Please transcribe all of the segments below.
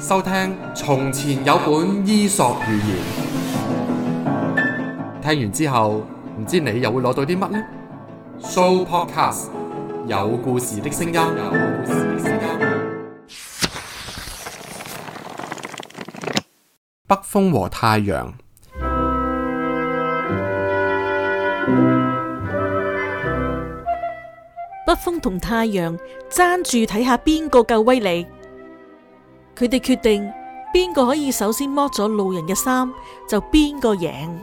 收聽從前有本伊索寓言，聽完之後唔知你又會攞到啲乜呢？Sooo Podcast 有故事的聲音。北風和太陽，北風同太陽爭住睇下邊個夠威力。佢哋決定邊個可以首先剝咗路人嘅衫，就邊個贏。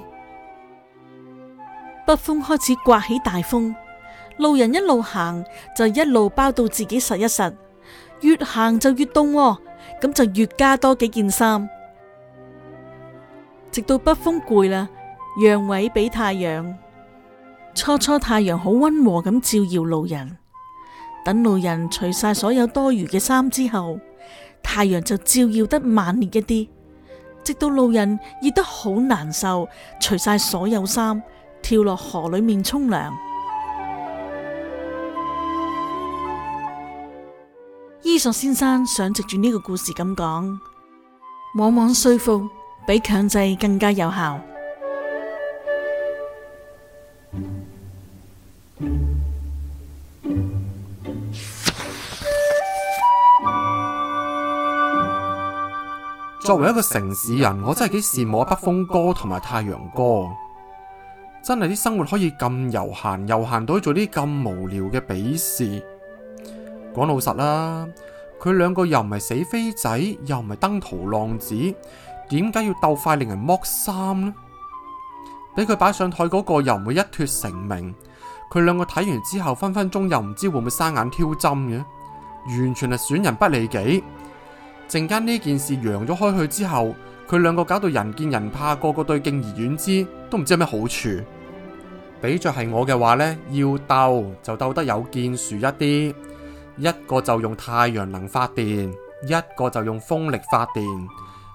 北風開始颳起大風，路人一路行就一路包到自己實一實，越行就越凍，咁就越加多幾件衫，直到北風攰啦，讓位俾太陽。初初太陽好溫和咁照耀路人，等路人除晒所有多餘嘅衫之後。太陽就照耀得猛烈一啲，直到路人熱得好難受，除晒所有衫，跳落河裏面沖涼。 伊索先生想藉住呢個故事咁講，往往說服比強制更加有效。作為一個城市人，我真係幾羨慕北風哥同埋太陽哥，真係啲生活可以咁悠閒，悠閒到做啲咁無聊嘅比試。講老實啦，佢兩個又唔係死飛仔，又唔係登徒浪子，點解要鬥快令人剝衫呢？俾佢擺上台嗰個又唔會一脱成名，佢兩個睇完之後分分鐘又唔知會唔會生眼挑針嘅，完全係損人不利己。陣間呢件事揚咗開去之後，佢兩個搞到人見人怕，個個對敬而遠之，都唔知有咩好處。比着係我嘅話呢，要鬥就鬥得有建樹一啲，一個就用太陽能發電，一個就用風力發電，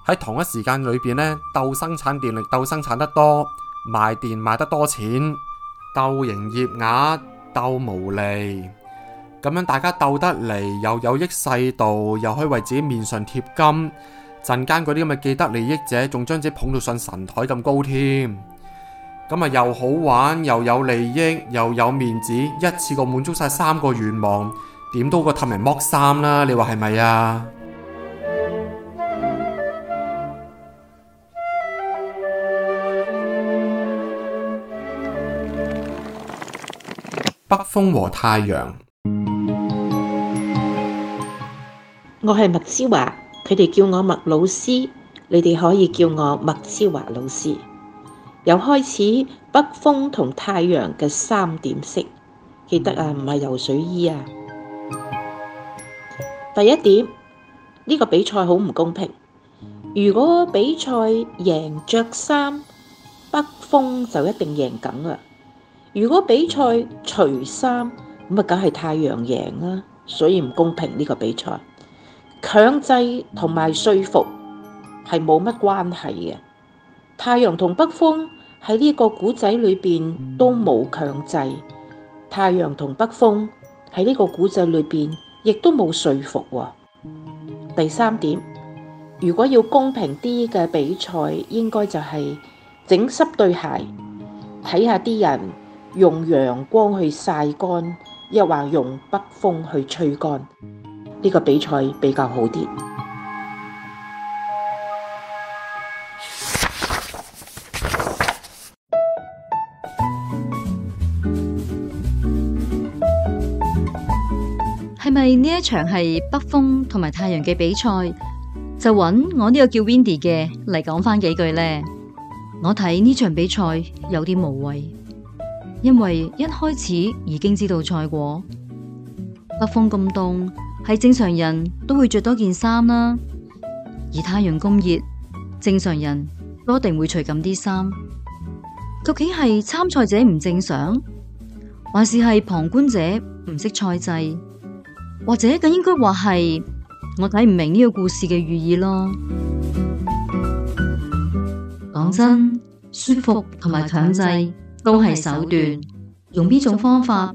喺同一時間裏邊呢鬥生產電力，鬥生產得多，賣電賣得多錢，鬥營業額，鬥毛利。咁樣大家鬥得嚟，又有益世道，又可以為自己面上貼金。陣間嗰啲咁嘅既得利益者，仲將自己捧到上神台咁高添。咁啊，又好玩，又有利益，又有面子，一次過滿足晒三個願望，點都過氹人剝衫啦！你話係咪啊？北風和太陽。我係麥之華，佢哋叫我麥老師，你哋可以叫我麥之華老師。由開始北風同太陽嘅三點式，記得啊，唔係游水衣啊。第一點，呢個比賽好唔公平。如果比賽贏著衫，北風就一定贏梗啊。如果比賽除衫，咁啊，梗係太陽贏啦。所以唔公平呢個比賽。強制同埋說服係冇乜關係嘅。太陽同北風喺呢個古仔裏邊都冇強制，太陽同北風喺呢個古仔裏邊亦都冇說服啊。第三點，如果要公平啲嘅比賽，應該就係整濕對鞋，睇下啲人用陽光去晒乾，又或用北風去吹乾。呢個比賽比較好啲，係咪呢。一場係北風同埋太陽嘅比賽，就揾我呢個叫 Windy 嘅嚟講翻幾句呢？我睇呢場比賽有啲無謂，因為一開始已經知道賽果，北風咁凍，係正常人都會着多件衫啦，啊，而太陽公熱，正常人都一定會除緊啲衫。究竟係參賽者唔正常，還是係旁觀者唔識賽制，或者更應該話係我睇唔明呢個故事嘅寓意咯？講真，說服同埋強制都係手段，用邊種方法？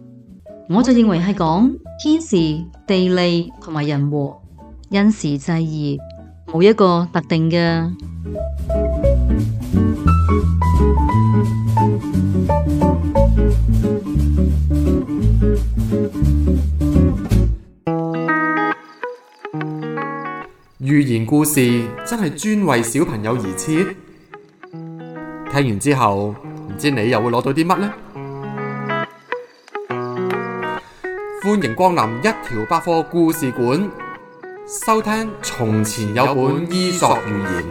我就認為係講天時地利同埋人和，因時制宜，冇一個特定嘅。寓言故事真係專為小朋友而設？聽完之後，唔知你又會攞到啲乜咧？歡迎光臨一條百貨故事館，收聽《從前有本伊索寓言》。